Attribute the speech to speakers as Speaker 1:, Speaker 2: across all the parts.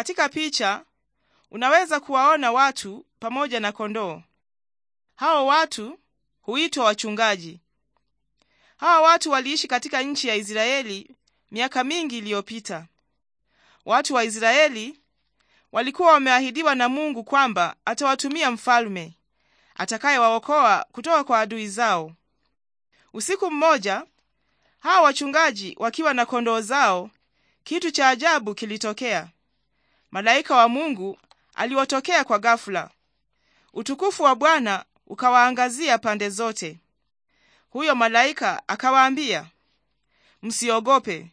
Speaker 1: Katika picha unaweza kuwaona watu pamoja na kondoo. Hao watu huitwa wachungaji. Hawa watu waliishi katika nchi ya Israeli miaka mingi iliyopita. Watu wa Israeli walikuwa wameahidiwa na Mungu kwamba atawatumia mfalme atakayewaokoa kutoka kwa adui zao. Usiku mmoja, hawa wachungaji wakiwa na kondoo zao, kitu cha ajabu kilitokea malaika wa Mungu aliwatokea kwa ghafula. Utukufu wa Bwana ukawaangazia pande zote. Huyo malaika akawaambia, msiogope,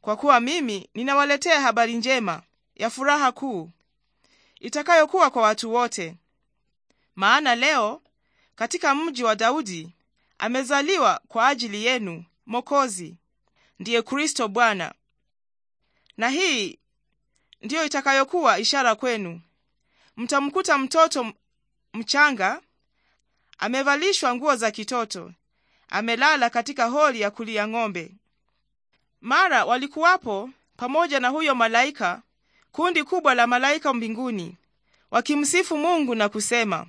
Speaker 1: kwa kuwa mimi ninawaletea habari njema ya furaha kuu itakayokuwa kwa watu wote. Maana leo katika mji wa Daudi amezaliwa kwa ajili yenu mokozi ndiye Kristo Bwana. Na hii ndiyo itakayokuwa ishara kwenu. Mtamkuta mtoto mchanga amevalishwa nguo za kitoto, amelala katika holi ya kulia ng'ombe. Mara walikuwapo pamoja na huyo malaika kundi kubwa la malaika mbinguni, wakimsifu Mungu na kusema,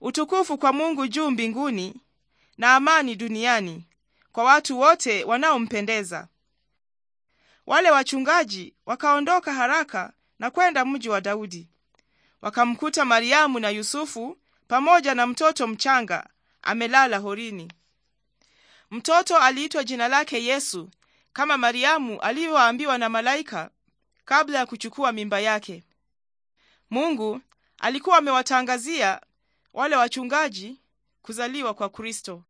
Speaker 1: utukufu kwa Mungu juu mbinguni na amani duniani kwa watu wote wanaompendeza. Wale wachungaji wakaondoka haraka na kwenda mji wa Daudi. Wakamkuta Mariamu na Yusufu pamoja na mtoto mchanga amelala horini. Mtoto aliitwa jina lake Yesu kama Mariamu alivyoambiwa na malaika kabla ya kuchukua mimba yake. Mungu alikuwa amewatangazia wale wachungaji kuzaliwa kwa Kristo.